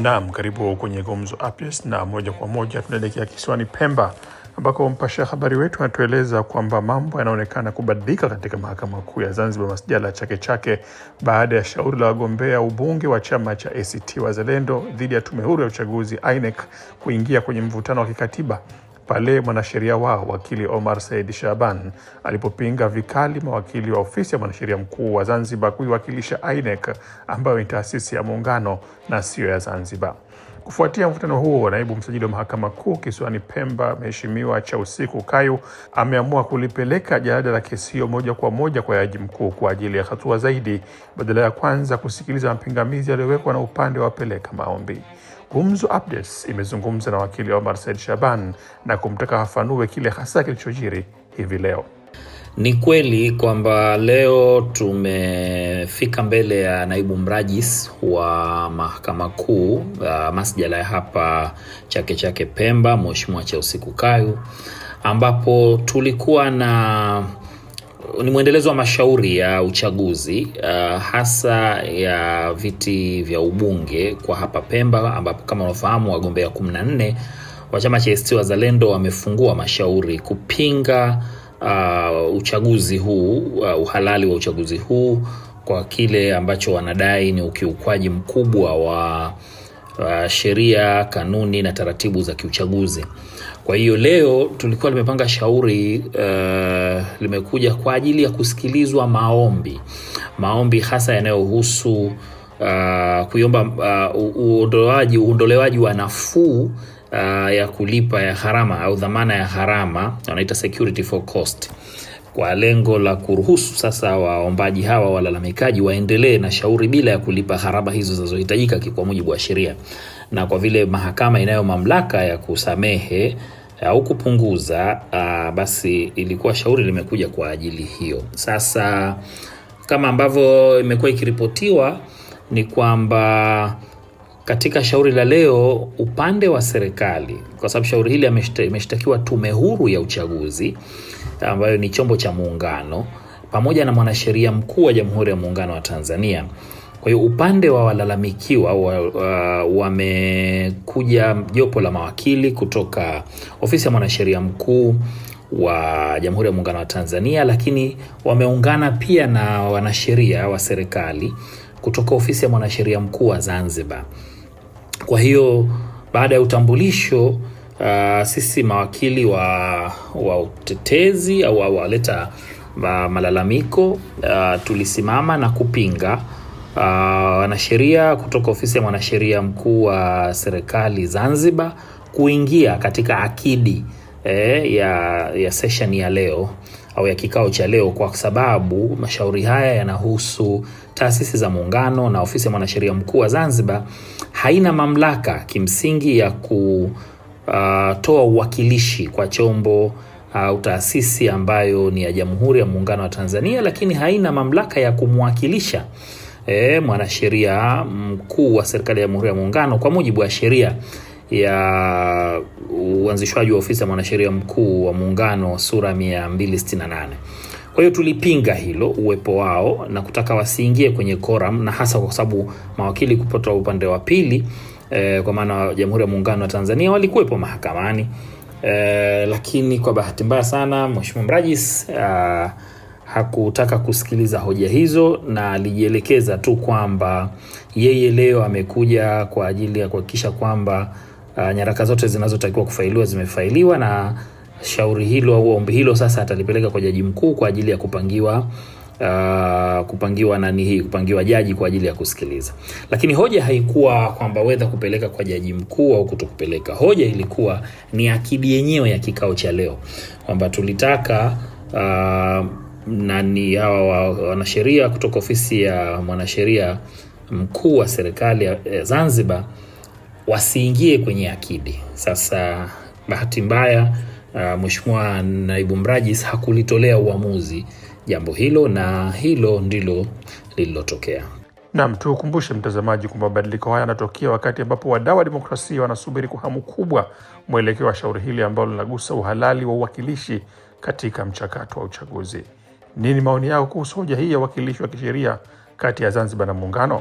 Naam, karibu kwenye Gumzo Updates na moja kwa moja tunaelekea kisiwani Pemba ambako mpasha habari wetu anatueleza kwamba mambo yanaonekana kubadilika katika mahakama kuu ya Zanzibar masjala Chake Chake baada ya shauri la wagombea ubunge wa chama cha ACT Wazalendo dhidi ya tume huru ya uchaguzi INEC kuingia kwenye mvutano wa kikatiba pale mwanasheria wao wakili Omar Said Shaban alipopinga vikali mawakili wa ofisi ya mwanasheria mkuu wa Zanzibar kuiwakilisha INEC ambayo ni taasisi ya muungano na siyo ya Zanzibar. Kufuatia mvutano huo, naibu msajili wa mahakama kuu kisiwani Pemba, mheshimiwa cha usiku Kayu ameamua kulipeleka jalada la kesi hiyo moja kwa moja kwa jaji mkuu kwa ajili ya hatua zaidi, badala ya kwanza kusikiliza mapingamizi yaliyowekwa na upande wa wapeleka maombi. Gumzo Updates imezungumza na wakili Omar Said Shaban na kumtaka afafanue kile hasa kilichojiri hivi leo. Ni kweli kwamba leo tumefika mbele ya naibu mrajis wa mahakama kuu uh, masjala ya hapa Chake Chake Pemba, Mheshimiwa usiku kayu ambapo tulikuwa na uh, ni mwendelezo wa mashauri ya uchaguzi uh, hasa ya viti vya ubunge kwa hapa Pemba, ambapo kama unafahamu wagombea 14 wa chama cha ACT Wazalendo wamefungua mashauri kupinga uh, uchaguzi huu uh, uhalali wa uchaguzi huu kwa kile ambacho wanadai ni ukiukwaji mkubwa wa uh, sheria, kanuni na taratibu za kiuchaguzi. Kwa hiyo leo tulikuwa limepanga shauri uh, limekuja kwa ajili ya kusikilizwa maombi, maombi hasa yanayohusu uh, kuiomba uh, uondolewaji wa nafuu Uh, ya kulipa ya gharama au dhamana ya gharama wanaita security for cost, kwa lengo la kuruhusu sasa waombaji hawa walalamikaji waendelee na shauri bila ya kulipa gharama hizo zinazohitajika kwa mujibu wa sheria, na kwa vile mahakama inayo mamlaka ya kusamehe au kupunguza uh, basi ilikuwa shauri limekuja kwa ajili hiyo. Sasa kama ambavyo imekuwa ikiripotiwa ni kwamba katika shauri la leo upande wa serikali, kwa sababu shauri hili imeshtakiwa Tume Huru ya Uchaguzi ambayo ni chombo cha muungano pamoja na mwanasheria mkuu wa Jamhuri ya Muungano wa Tanzania. Kwa hiyo upande wa walalamikiwa wamekuja wa, wa jopo la mawakili kutoka ofisi ya mwanasheria mkuu wa Jamhuri ya Muungano wa Tanzania, lakini wameungana pia na wanasheria wa serikali kutoka ofisi ya mwanasheria mkuu wa Zanzibar. Kwa hiyo baada ya utambulisho uh, sisi mawakili wa, wa utetezi au waleta wa malalamiko uh, tulisimama na kupinga uh, wanasheria kutoka ofisi ya mwanasheria mkuu wa serikali Zanzibar kuingia katika akidi eh, ya, ya session ya leo au ya kikao cha leo kwa sababu mashauri haya yanahusu taasisi za muungano na ofisi ya mwanasheria mkuu wa Zanzibar haina mamlaka kimsingi ya kutoa ah, uwakilishi kwa chombo ah, au taasisi ambayo ni ya Jamhuri ya Muungano wa Tanzania, lakini haina mamlaka ya kumwakilisha e, mwanasheria mkuu wa serikali ya Jamhuri ya Muungano kwa mujibu wa sheria ya uanzishwaji wa ofisi ya mwanasheria mkuu wa muungano sura 268. Kwa hiyo tulipinga hilo uwepo wao na kutaka wasiingie kwenye koram, na hasa kwa sababu mawakili kutoka upande wa pili eh, kwa maana Jamhuri ya Muungano wa Tanzania walikuwepo mahakamani eh, lakini kwa bahati mbaya sana Mheshimiwa Mrajis ah, hakutaka kusikiliza hoja hizo na alijielekeza tu kwamba yeye leo amekuja kwa ajili ya kuhakikisha kwamba uh, nyaraka zote zinazotakiwa kufailiwa zimefailiwa na shauri hilo au ombi hilo sasa atalipeleka kwa jaji mkuu kwa ajili ya kupangiwa Uh, kupangiwa nani hii kupangiwa jaji kwa ajili ya kusikiliza, lakini hoja haikuwa kwamba wedha kupeleka kwa jaji mkuu au kutokupeleka. Hoja ilikuwa ni akidi yenyewe ya kikao cha leo kwamba tulitaka uh, nani hawa wanasheria kutoka ofisi ya mwanasheria mkuu wa serikali ya Zanzibar wasiingie kwenye akidi. Sasa bahati mbaya uh, Mheshimiwa Naibu Mrajis hakulitolea uamuzi jambo hilo na hilo ndilo lililotokea. Nam, tuukumbushe mtazamaji kwamba mabadiliko haya yanatokea wakati ambapo wadau wa demokrasia wanasubiri kwa hamu kubwa mwelekeo wa shauri hili ambalo linagusa uhalali wa uwakilishi katika mchakato wa uchaguzi. Nini maoni yao kuhusu hoja hii ya uwakilishi wa kisheria kati ya Zanzibar na Muungano?